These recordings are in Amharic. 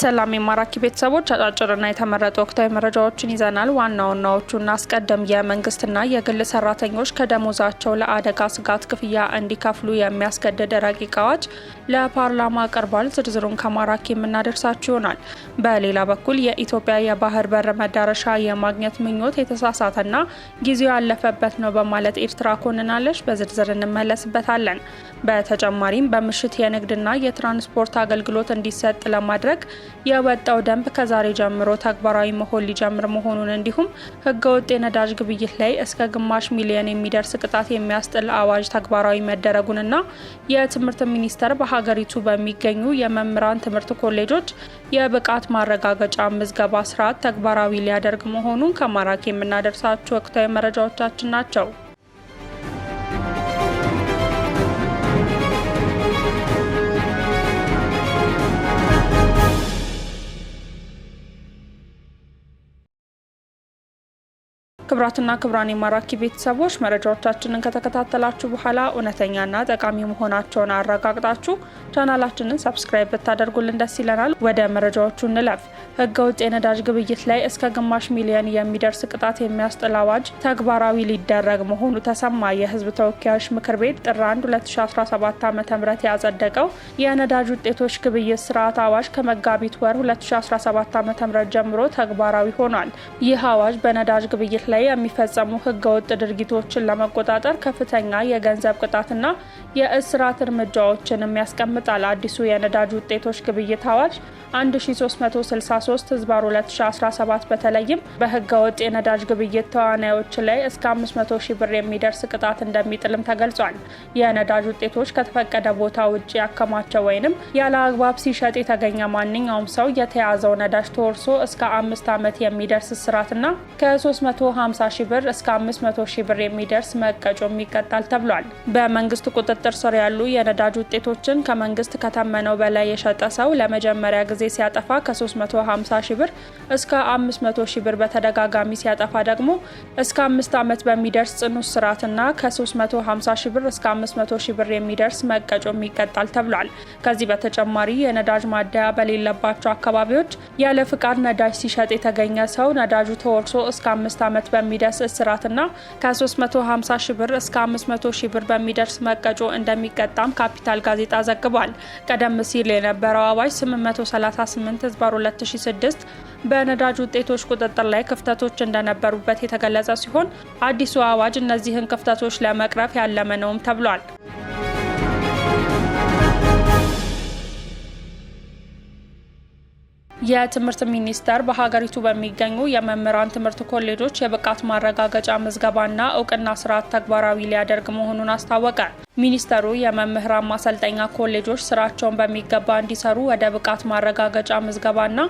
ሰላም የማራኪ ቤተሰቦች፣ አጫጭርና የተመረጡ ወቅታዊ መረጃዎችን ይዘናል። ዋና ናዎቹን እናስቀድም። የመንግስትና የግል ሰራተኞች ከደሞዛቸው ለአደጋ ስጋት ክፍያ እንዲከፍሉ የሚያስገድድ ረቂቅ አዋጅ ለፓርላማ ቀርቧል። ዝርዝሩን ከማራኪ የምናደርሳችሁ ይሆናል። በሌላ በኩል የኢትዮጵያ የባህር በር መዳረሻ የማግኘት ምኞት የተሳሳተና ጊዜው ያለፈበት ነው በማለት ኤርትራ ኮንናለች። በዝርዝር እንመለስበታለን። በተጨማሪም በምሽት የንግድና የትራንስፖርት አገልግሎት እንዲሰጥ ለማድረግ የወጣው ደንብ ከዛሬ ጀምሮ ተግባራዊ መሆን ሊጀምር መሆኑን እንዲሁም ህገወጥ የነዳጅ ግብይት ላይ እስከ ግማሽ ሚሊዮን የሚደርስ ቅጣት የሚያስጥል አዋጅ ተግባራዊ መደረጉንና የትምህርት ሚኒስቴር በሀገሪቱ በሚገኙ የመምህራን ትምህርት ኮሌጆች የብቃት ማረጋገጫ ምዝገባ ስርዓት ተግባራዊ ሊያደርግ መሆኑን ከማራኪ የምናደርሳችሁ ወቅታዊ መረጃዎቻችን ናቸው። ክብራትና ክብራን የማራኪ ቤተሰቦች መረጃዎቻችንን ከተከታተላችሁ በኋላ እውነተኛና ጠቃሚ መሆናቸውን አረጋግጣችሁ ቻናላችንን ሰብስክራይብ ብታደርጉልን ደስ ይለናል። ወደ መረጃዎቹ እንለፍ። ህገወጥ የነዳጅ ግብይት ላይ እስከ ግማሽ ሚሊዮን የሚደርስ ቅጣት የሚያስጥል አዋጅ ተግባራዊ ሊደረግ መሆኑ ተሰማ። የህዝብ ተወካዮች ምክር ቤት ጥር 1 2017 ዓ ም ያጸደቀው የነዳጅ ውጤቶች ግብይት ስርዓት አዋጅ ከመጋቢት ወር 2017 ዓ ም ጀምሮ ተግባራዊ ሆኗል። ይህ አዋጅ በነዳጅ ግብይት ላይ ላይ የሚፈጸሙ ህገወጥ ድርጊቶችን ለመቆጣጠር ከፍተኛ የገንዘብ ቅጣትና የእስራት እርምጃዎችንም ያስቀምጣል። አዲሱ የነዳጅ ውጤቶች ግብይት አዋጅ 1363 ህዝባር 2017 በተለይም በህገወጥ የነዳጅ ግብይት ተዋናዮች ላይ እስከ 500 ሺ ብር የሚደርስ ቅጣት እንደሚጥልም ተገልጿል። የነዳጅ ውጤቶች ከተፈቀደ ቦታ ውጭ ያከማቸው ወይንም ያለ አግባብ ሲሸጥ የተገኘ ማንኛውም ሰው የተያዘው ነዳጅ ተወርሶ እስከ አምስት ዓመት የሚደርስ እስራትና ከ350 ከ50 ሺህ ብር እስከ 500 ሺህ ብር የሚደርስ መቀጮም ይቀጣል ተብሏል። በመንግስት ቁጥጥር ስር ያሉ የነዳጅ ውጤቶችን ከመንግስት ከተመነው በላይ የሸጠ ሰው ለመጀመሪያ ጊዜ ሲያጠፋ ከ350 ሺህ ብር እስከ 500 ሺህ ብር፣ በተደጋጋሚ ሲያጠፋ ደግሞ እስከ አምስት ዓመት በሚደርስ ጽኑ እስራትና ከ350 ሺህ ብር እስከ 500 ሺህ ብር የሚደርስ መቀጮም ይቀጣል ተብሏል። ከዚህ በተጨማሪ የነዳጅ ማደያ በሌለባቸው አካባቢዎች ያለ ፍቃድ ነዳጅ ሲሸጥ የተገኘ ሰው ነዳጁ ተወርሶ እስከ አምስት ዓመት በሚደርስ እስራትና ከ350 ሺ ብር እስከ 500 ሺ ብር በሚደርስ መቀጮ እንደሚቀጣም ካፒታል ጋዜጣ ዘግቧል። ቀደም ሲል የነበረው አዋጅ 838 ህዝባር 2006 በነዳጅ ውጤቶች ቁጥጥር ላይ ክፍተቶች እንደነበሩበት የተገለጸ ሲሆን አዲሱ አዋጅ እነዚህን ክፍተቶች ለመቅረፍ ያለመ ነውም ተብሏል። የትምህርት ሚኒስቴር በሀገሪቱ በሚገኙ የመምህራን ትምህርት ኮሌጆች የብቃት ማረጋገጫ ምዝገባና እውቅና ስርዓት ተግባራዊ ሊያደርግ መሆኑን አስታወቀ። ሚኒስተሩ የመምህራን ማሰልጠኛ ኮሌጆች ስራቸውን በሚገባ እንዲሰሩ ወደ ብቃት ማረጋገጫ ምዝገባና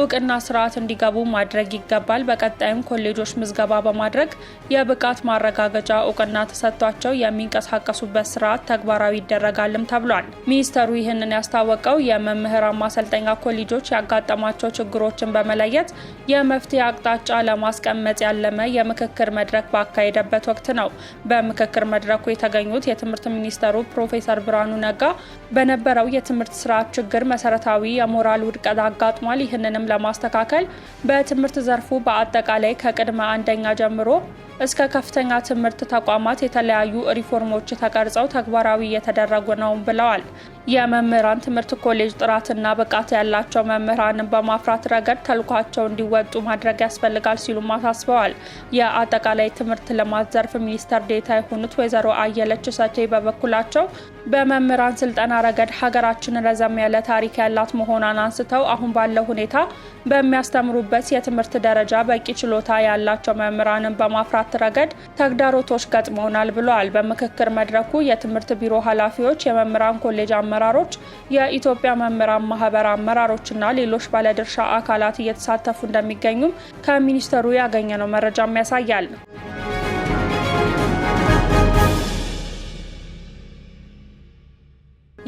እውቅና ስርዓት እንዲገቡ ማድረግ ይገባል። በቀጣይም ኮሌጆች ምዝገባ በማድረግ የብቃት ማረጋገጫ እውቅና ተሰጥቷቸው የሚንቀሳቀሱበት ስርዓት ተግባራዊ ይደረጋልም ተብሏል። ሚኒስተሩ ይህንን ያስታወቀው የመምህራን ማሰልጠኛ ኮሌጆች ያጋጠማቸው ችግሮችን በመለየት የመፍትሄ አቅጣጫ ለማስቀመጥ ያለመ የምክክር መድረክ ባካሄደበት ወቅት ነው። በምክክር መድረኩ የተገኙት የትምህርት ሚኒስተሩ ፕሮፌሰር ብርሃኑ ነጋ በነበረው የትምህርት ስርዓት ችግር መሰረታዊ የሞራል ውድቀት አጋጥሟል። ይህንንም ለማስተካከል በትምህርት ዘርፉ በአጠቃላይ ከቅድመ አንደኛ ጀምሮ እስከ ከፍተኛ ትምህርት ተቋማት የተለያዩ ሪፎርሞች ተቀርጸው ተግባራዊ እየተደረጉ ነው ብለዋል። የመምህራን ትምህርት ኮሌጅ ጥራትና ብቃት ያላቸው መምህራንን በማፍራት ረገድ ተልኳቸው እንዲወጡ ማድረግ ያስፈልጋል ሲሉም አሳስበዋል። የአጠቃላይ ትምህርት ልማት ዘርፍ ሚኒስተር ዴታ የሆኑት ወይዘሮ አየለች እሸቴ በበኩላቸው በመምህራን ስልጠና ረገድ ሀገራችን ረዘም ያለ ታሪክ ያላት መሆኗን አንስተው አሁን ባለው ሁኔታ በሚያስተምሩበት የትምህርት ደረጃ በቂ ችሎታ ያላቸው መምህራንን በማፍራት ረገድ ተግዳሮቶች ገጥመውናል ብለዋል። በምክክር መድረኩ የትምህርት ቢሮ ኃላፊዎች፣ የመምህራን ኮሌጅ አመራሮች፣ የኢትዮጵያ መምህራን ማህበር አመራሮችና ሌሎች ባለድርሻ አካላት እየተሳተፉ እንደሚገኙም ከሚኒስተሩ ያገኘነው መረጃም ያሳያል።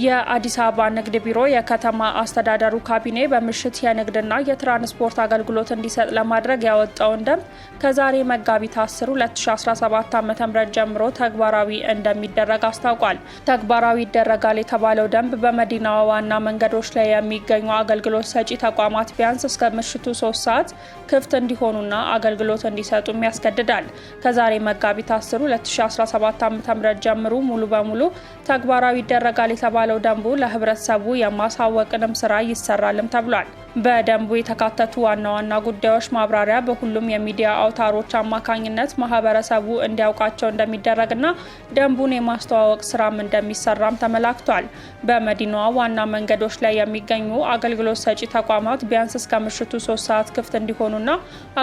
የአዲስ አበባ ንግድ ቢሮ የከተማ አስተዳደሩ ካቢኔ በምሽት የንግድና የትራንስፖርት አገልግሎት እንዲሰጥ ለማድረግ ያወጣውን ደንብ ከዛሬ መጋቢት 10 2017 ዓ ም ጀምሮ ተግባራዊ እንደሚደረግ አስታውቋል። ተግባራዊ ይደረጋል የተባለው ደንብ በመዲናዋ ዋና መንገዶች ላይ የሚገኙ አገልግሎት ሰጪ ተቋማት ቢያንስ እስከ ምሽቱ 3 ሰዓት ክፍት እንዲሆኑና አገልግሎት እንዲሰጡም ያስገድዳል። ከዛሬ መጋቢት 10 2017 ዓ ም ጀምሩ ሙሉ በሙሉ ተግባራዊ ይደረጋል የተባለው የተሻለው ደንቡ ለህብረተሰቡ የማሳወቅንም ስራ ይሰራልም ተብሏል። በደንቡ የተካተቱ ዋና ዋና ጉዳዮች ማብራሪያ በሁሉም የሚዲያ አውታሮች አማካኝነት ማህበረሰቡ እንዲያውቃቸው እንደሚደረግና ደንቡን የማስተዋወቅ ስራም እንደሚሰራም ተመላክቷል። በመዲናዋ ዋና መንገዶች ላይ የሚገኙ አገልግሎት ሰጪ ተቋማት ቢያንስ እስከ ምሽቱ ሶስት ሰዓት ክፍት እንዲሆኑና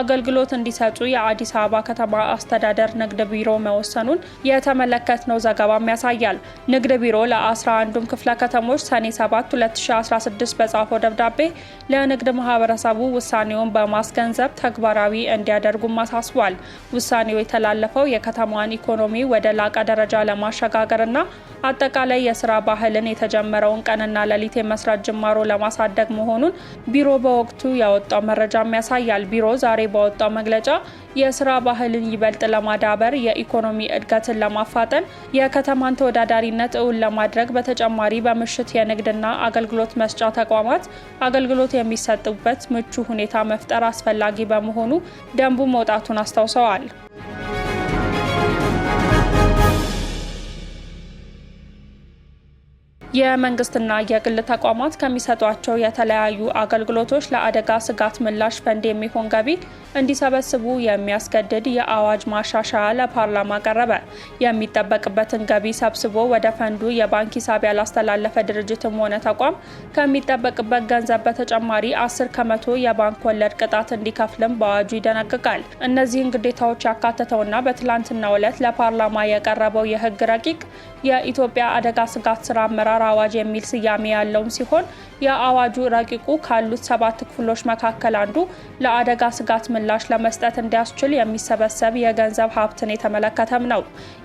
አገልግሎት እንዲሰጡ የአዲስ አበባ ከተማ አስተዳደር ንግድ ቢሮ መወሰኑን የተመለከትነው ዘገባም ያሳያል። ንግድ ቢሮ ለ11ዱም ክፍለ ከተሞች ሰኔ 7 2016 በጻፈው ደብዳቤ ለንግድ ማህበረሰቡ ውሳኔውን በማስገንዘብ ተግባራዊ እንዲያደርጉም አሳስቧል። ውሳኔው የተላለፈው የከተማዋን ኢኮኖሚ ወደ ላቀ ደረጃ ለማሸጋገርና አጠቃላይ የስራ ባህልን የተጀመረውን ቀንና ሌሊት የመስራት ጅማሮ ለማሳደግ መሆኑን ቢሮ በወቅቱ ያወጣው መረጃም ያሳያል። ቢሮ ዛሬ ባወጣው መግለጫ የስራ ባህልን ይበልጥ ለማዳበር የኢኮኖሚ እድገትን ለማፋጠን የከተማን ተወዳዳሪነት እውን ለማድረግ በተጨማሪ በምሽት የንግድና አገልግሎት መስጫ ተቋማት አገልግሎት የሚሰጡበት ምቹ ሁኔታ መፍጠር አስፈላጊ በመሆኑ ደንቡ መውጣቱን አስታውሰዋል። የመንግስትና የግል ተቋማት ከሚሰጧቸው የተለያዩ አገልግሎቶች ለአደጋ ስጋት ምላሽ ፈንድ የሚሆን ገቢ እንዲሰበስቡ የሚያስገድድ የአዋጅ ማሻሻያ ለፓርላማ ቀረበ። የሚጠበቅበትን ገቢ ሰብስቦ ወደ ፈንዱ የባንክ ሂሳብ ያላስተላለፈ ድርጅትም ሆነ ተቋም ከሚጠበቅበት ገንዘብ በተጨማሪ 10 ከመቶ የባንክ ወለድ ቅጣት እንዲከፍልም በአዋጁ ይደነግጋል። እነዚህን ግዴታዎች ያካተተውና በትላንትናው ዕለት ለፓርላማ የቀረበው የህግ ረቂቅ የኢትዮጵያ አደጋ ስጋት ስራ አመራር አዋጅ የሚል ስያሜ ያለውም ሲሆን የአዋጁ ረቂቁ ካሉት ሰባት ክፍሎች መካከል አንዱ ለአደጋ ስጋት ምላ ምላሽ ለመስጠት እንዲያስችል የሚሰበሰብ የገንዘብ ሀብትን የተመለከተም ነው።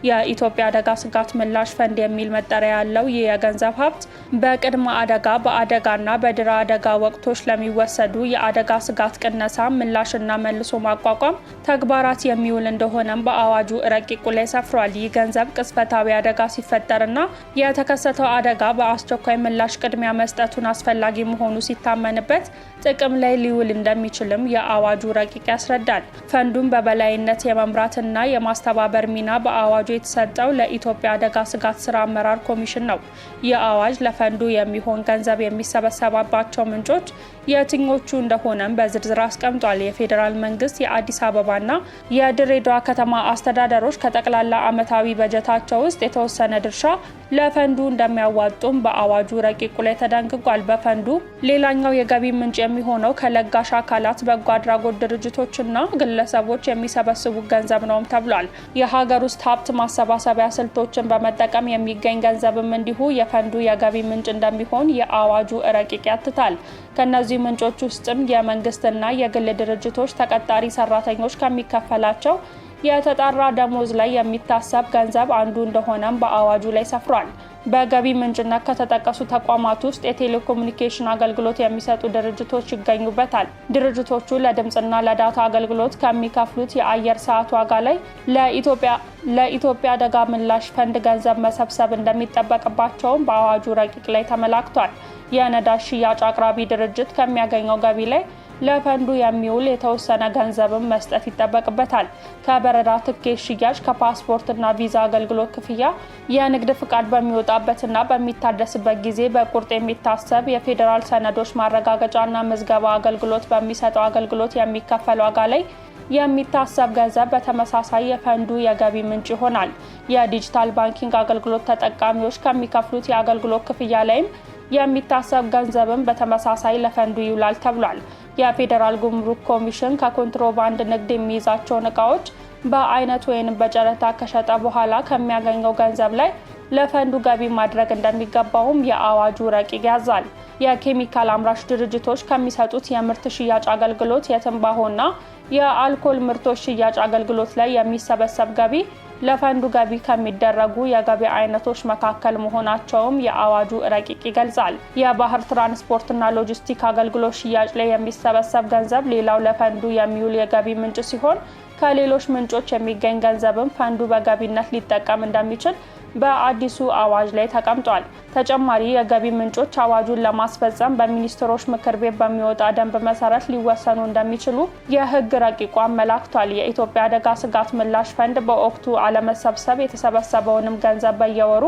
የኢትዮጵያ አደጋ ስጋት ምላሽ ፈንድ የሚል መጠሪያ ያለው ይህ የገንዘብ ሀብት በቅድመ አደጋ፣ በአደጋና በድህረ አደጋ ወቅቶች ለሚወሰዱ የአደጋ ስጋት ቅነሳ ምላሽና መልሶ ማቋቋም ተግባራት የሚውል እንደሆነም በአዋጁ ረቂቁ ላይ ሰፍሯል። ይህ ገንዘብ ቅጽበታዊ አደጋ ሲፈጠርና የተከሰተው አደጋ በአስቸኳይ ምላሽ ቅድሚያ መስጠቱን አስፈላጊ መሆኑ ሲታመንበት ጥቅም ላይ ሊውል እንደሚችልም የአዋጁ ረቂቅ ያስረዳል። ፈንዱን በበላይነት የመምራትና የማስተባበር ሚና በአዋጁ የተሰጠው ለኢትዮጵያ አደጋ ስጋት ስራ አመራር ኮሚሽን ነው። ይህ አዋጅ ለፈንዱ የሚሆን ገንዘብ የሚሰበሰባባቸው ምንጮች የትኞቹ እንደሆነም በዝርዝር አስቀምጧል። የፌዴራል መንግስት የአዲስ አበባና የድሬዳዋ ከተማ አስተዳደሮች ከጠቅላላ ዓመታዊ በጀታቸው ውስጥ የተወሰነ ድርሻ ለፈንዱ እንደሚያዋጡም በአዋጁ ረቂቁ ላይ ተደንግጓል። በፈንዱ ሌላኛው የገቢ ምንጭ የሚሆነው ከለጋሽ አካላት በጎ አድራጎት ድርጅቶች ድርጅቶችና ግለሰቦች የሚሰበስቡ ገንዘብ ነውም ተብሏል። የሀገር ውስጥ ሀብት ማሰባሰቢያ ስልቶችን በመጠቀም የሚገኝ ገንዘብም እንዲሁ የፈንዱ የገቢ ምንጭ እንደሚሆን የአዋጁ ረቂቅ ያትታል። ከእነዚህ ምንጮች ውስጥም የመንግስትና የግል ድርጅቶች ተቀጣሪ ሰራተኞች ከሚከፈላቸው የተጣራ ደሞዝ ላይ የሚታሰብ ገንዘብ አንዱ እንደሆነም በአዋጁ ላይ ሰፍሯል። በገቢ ምንጭነት ከተጠቀሱ ተቋማት ውስጥ የቴሌኮሙኒኬሽን አገልግሎት የሚሰጡ ድርጅቶች ይገኙበታል። ድርጅቶቹ ለድምፅና ለዳታ አገልግሎት ከሚከፍሉት የአየር ሰዓት ዋጋ ላይ ለኢትዮጵያ ለኢትዮጵያ አደጋ ምላሽ ፈንድ ገንዘብ መሰብሰብ እንደሚጠበቅባቸውም በአዋጁ ረቂቅ ላይ ተመላክቷል። የነዳጅ ሽያጭ አቅራቢ ድርጅት ከሚያገኘው ገቢ ላይ ለፈንዱ የሚውል የተወሰነ ገንዘብም መስጠት ይጠበቅበታል። ከበረራ ትኬት ሽያጭ፣ ከፓስፖርትና ቪዛ አገልግሎት ክፍያ፣ የንግድ ፍቃድ በሚወጣበትና በሚታደስበት ጊዜ በቁርጥ የሚታሰብ የፌዴራል ሰነዶች ማረጋገጫና ምዝገባ አገልግሎት በሚሰጠው አገልግሎት የሚከፈል ዋጋ ላይ የሚታሰብ ገንዘብ በተመሳሳይ የፈንዱ የገቢ ምንጭ ይሆናል። የዲጂታል ባንኪንግ አገልግሎት ተጠቃሚዎች ከሚከፍሉት የአገልግሎት ክፍያ ላይም የሚታሰብ ገንዘብም በተመሳሳይ ለፈንዱ ይውላል ተብሏል። የፌዴራል ጉምሩክ ኮሚሽን ከኮንትሮባንድ ንግድ የሚይዛቸውን እቃዎች በአይነት ወይም በጨረታ ከሸጠ በኋላ ከሚያገኘው ገንዘብ ላይ ለፈንዱ ገቢ ማድረግ እንደሚገባውም የአዋጁ ረቂቅ ያዛል። የኬሚካል አምራች ድርጅቶች ከሚሰጡት የምርት ሽያጭ አገልግሎት፣ የትንባሆና የአልኮል ምርቶች ሽያጭ አገልግሎት ላይ የሚሰበሰብ ገቢ ለፈንዱ ገቢ ከሚደረጉ የገቢ አይነቶች መካከል መሆናቸውም የአዋጁ ረቂቅ ይገልጻል። የባህር ትራንስፖርትና ሎጂስቲክ አገልግሎት ሽያጭ ላይ የሚሰበሰብ ገንዘብ ሌላው ለፈንዱ የሚውል የገቢ ምንጭ ሲሆን ከሌሎች ምንጮች የሚገኝ ገንዘብም ፈንዱ በገቢነት ሊጠቀም እንደሚችል በአዲሱ አዋጅ ላይ ተቀምጧል። ተጨማሪ የገቢ ምንጮች አዋጁን ለማስፈጸም በሚኒስትሮች ምክር ቤት በሚወጣ ደንብ መሰረት ሊወሰኑ እንደሚችሉ የሕግ ረቂቁ አመላክቷል። የኢትዮጵያ አደጋ ስጋት ምላሽ ፈንድ በወቅቱ አለመሰብሰብ የተሰበሰበውንም ገንዘብ በየወሩ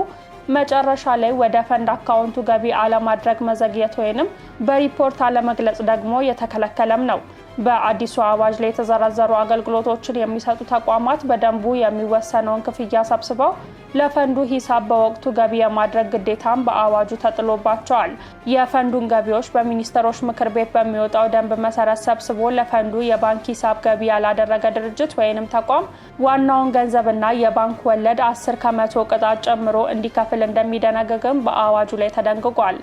መጨረሻ ላይ ወደ ፈንድ አካውንቱ ገቢ አለማድረግ መዘግየት ወይንም በሪፖርት አለመግለጽ ደግሞ የተከለከለም ነው። በአዲሱ አዋጅ ላይ የተዘረዘሩ አገልግሎቶችን የሚሰጡ ተቋማት በደንቡ የሚወሰነውን ክፍያ ሰብስበው ለፈንዱ ሂሳብ በወቅቱ ገቢ የማድረግ ግዴታም በአዋጁ ተጥሎባቸዋል። የፈንዱን ገቢዎች በሚኒስትሮች ምክር ቤት በሚወጣው ደንብ መሰረት ሰብስቦ ለፈንዱ የባንክ ሂሳብ ገቢ ያላደረገ ድርጅት ወይንም ተቋም ዋናውን ገንዘብና የባንክ ወለድ 10 ከመቶ ቅጣት ጨምሮ እንዲከፍል እንደሚደነግግም በአዋጁ ላይ ተደንግጓል።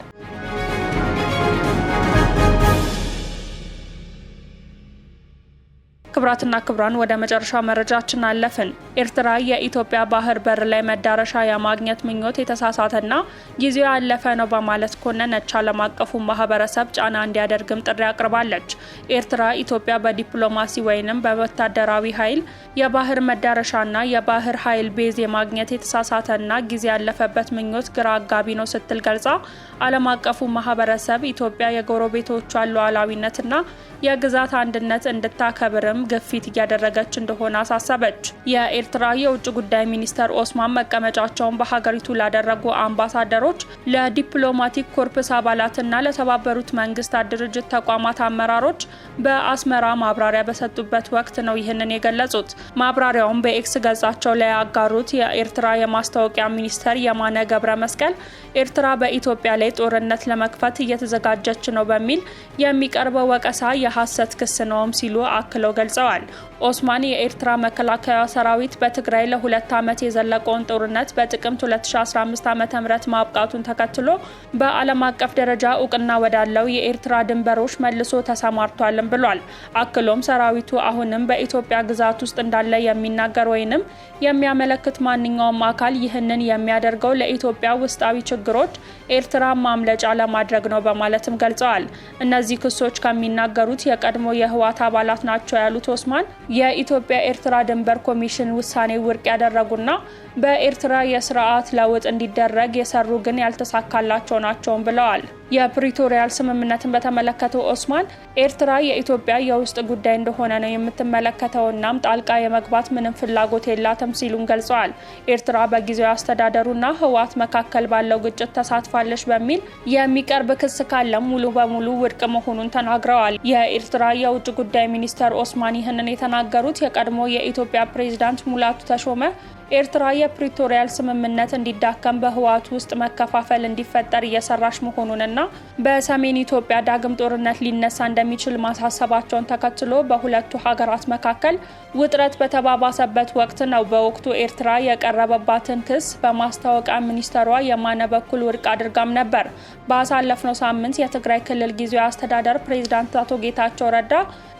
ክብራትና ክብራን ወደ መጨረሻ መረጃችን አለፍን። ኤርትራ የኢትዮጵያ ባህር በር ላይ መዳረሻ የማግኘት ምኞት የተሳሳተና ጊዜው ያለፈ ነው በማለት ኮነነች። ዓለም አቀፉ ማህበረሰብ ጫና እንዲያደርግም ጥሪ አቅርባለች። ኤርትራ ኢትዮጵያ በዲፕሎማሲ ወይንም በወታደራዊ ኃይል የባህር መዳረሻና የባህር ኃይል ቤዝ የማግኘት የተሳሳተና ጊዜ ያለፈበት ምኞት ግራ አጋቢ ነው ስትል ገልጻ ዓለም አቀፉ ማህበረሰብ ኢትዮጵያ የጎረቤቶቿን ሉዓላዊነትና የግዛት አንድነት እንድታከብርም ግፊት እያደረገች እንደሆነ አሳሰበች። የኤርትራ የውጭ ጉዳይ ሚኒስተር ኦስማን መቀመጫቸውን በሀገሪቱ ላደረጉ አምባሳደሮች፣ ለዲፕሎማቲክ ኮርፕስ አባላትና ለተባበሩት መንግስታት ድርጅት ተቋማት አመራሮች በአስመራ ማብራሪያ በሰጡበት ወቅት ነው ይህንን የገለጹት። ማብራሪያውን በኤክስ ገጻቸው ላይ ያጋሩት የኤርትራ የማስታወቂያ ሚኒስተር የማነ ገብረ መስቀል ኤርትራ በኢትዮጵያ ላይ ጦርነት ለመክፈት እየተዘጋጀች ነው በሚል የሚቀርበው ወቀሳ የሐሰት ክስ ነውም ሲሉ አክለው ገልጸዋል። ገልጸዋል። ኦስማን የኤርትራ መከላከያ ሰራዊት በትግራይ ለሁለት ዓመት የዘለቀውን ጦርነት በጥቅምት 2015 ዓ ም ማብቃቱን ተከትሎ በዓለም አቀፍ ደረጃ እውቅና ወዳለው የኤርትራ ድንበሮች መልሶ ተሰማርቷልም ብሏል። አክሎም ሰራዊቱ አሁንም በኢትዮጵያ ግዛት ውስጥ እንዳለ የሚናገር ወይንም የሚያመለክት ማንኛውም አካል ይህንን የሚያደርገው ለኢትዮጵያ ውስጣዊ ችግሮች ኤርትራ ማምለጫ ለማድረግ ነው በማለትም ገልጸዋል። እነዚህ ክሶች ከሚናገሩት የቀድሞ የህወሓት አባላት ናቸው ያሉት ኦስማን የኢትዮጵያ ኤርትራ ድንበር ኮሚሽን ውሳኔ ውድቅ ያደረጉና በኤርትራ የስርዓት ለውጥ እንዲደረግ የሰሩ ግን ያልተሳካላቸው ናቸውም ብለዋል። የፕሪቶሪያል ስምምነትን በተመለከተው ኦስማን ኤርትራ የኢትዮጵያ የውስጥ ጉዳይ እንደሆነ ነው የምትመለከተው፣ እናም ጣልቃ የመግባት ምንም ፍላጎት የላትም ሲሉም ገልጸዋል። ኤርትራ በጊዜያዊ አስተዳደሩና ህወሓት መካከል ባለው ግጭት ተሳትፋለች በሚል የሚቀርብ ክስ ካለም ሙሉ በሙሉ ውድቅ መሆኑን ተናግረዋል። የኤርትራ የውጭ ጉዳይ ሚኒስተር ኦስማን ይህንን የተናገሩት የቀድሞ የኢትዮጵያ ፕሬዚዳንት ሙላቱ ተሾመ ኤርትራ የፕሪቶሪያል ስምምነት እንዲዳከም በህወሓት ውስጥ መከፋፈል እንዲፈጠር እየሰራች መሆኑንና በሰሜን ኢትዮጵያ ዳግም ጦርነት ሊነሳ እንደሚችል ማሳሰባቸውን ተከትሎ በሁለቱ ሀገራት መካከል ውጥረት በተባባሰበት ወቅት ነው በወቅቱ ኤርትራ የቀረበባትን ክስ በማስታወቂያ ሚኒስተሯ የማነ በኩል ውድቅ አድርጋም ነበር። ባሳለፍነው ሳምንት የትግራይ ክልል ጊዜያዊ አስተዳደር ፕሬዚዳንት አቶ ጌታቸው ረዳ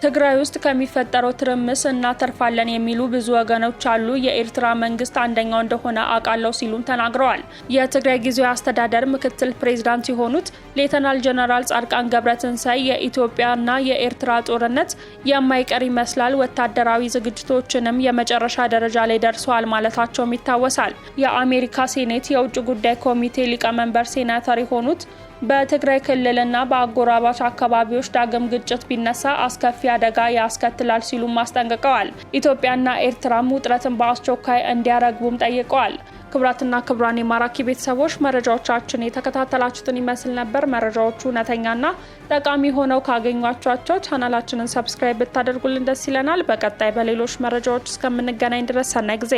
ትግራይ ውስጥ ከሚፈጠረው ትርምስ እናተርፋለን የሚሉ ብዙ ወገኖች አሉ፣ የኤርትራ መንግስት መንግስት አንደኛው እንደሆነ አውቃለሁ ሲሉም ተናግረዋል። የትግራይ ጊዜያዊ አስተዳደር ምክትል ፕሬዚዳንት የሆኑት ሌተናል ጀነራል ጻድቃን ገብረትንሳይ የኢትዮጵያና የኤርትራ ጦርነት የማይቀር ይመስላል፣ ወታደራዊ ዝግጅቶችንም የመጨረሻ ደረጃ ላይ ደርሰዋል ማለታቸውም ይታወሳል። የአሜሪካ ሴኔት የውጭ ጉዳይ ኮሚቴ ሊቀመንበር ሴናተር የሆኑት በትግራይ ክልልና በአጎራባች አካባቢዎች ዳግም ግጭት ቢነሳ አስከፊ አደጋ ያስከትላል ሲሉም አስጠንቅቀዋል። ኢትዮጵያና ኤርትራም ውጥረትን በአስቸኳይ እንዲያረግቡም ጠይቀዋል። ክብራትና ክብራን የማራኪ ቤተሰቦች መረጃዎቻችን የተከታተላችሁትን ይመስል ነበር። መረጃዎቹ እውነተኛና ጠቃሚ ሆነው ካገኟቸቸው ቻናላችንን ሰብስክራይብ ብታደርጉልን ደስ ይለናል። በቀጣይ በሌሎች መረጃዎች እስከምንገናኝ ድረስ ሰናይ ጊዜ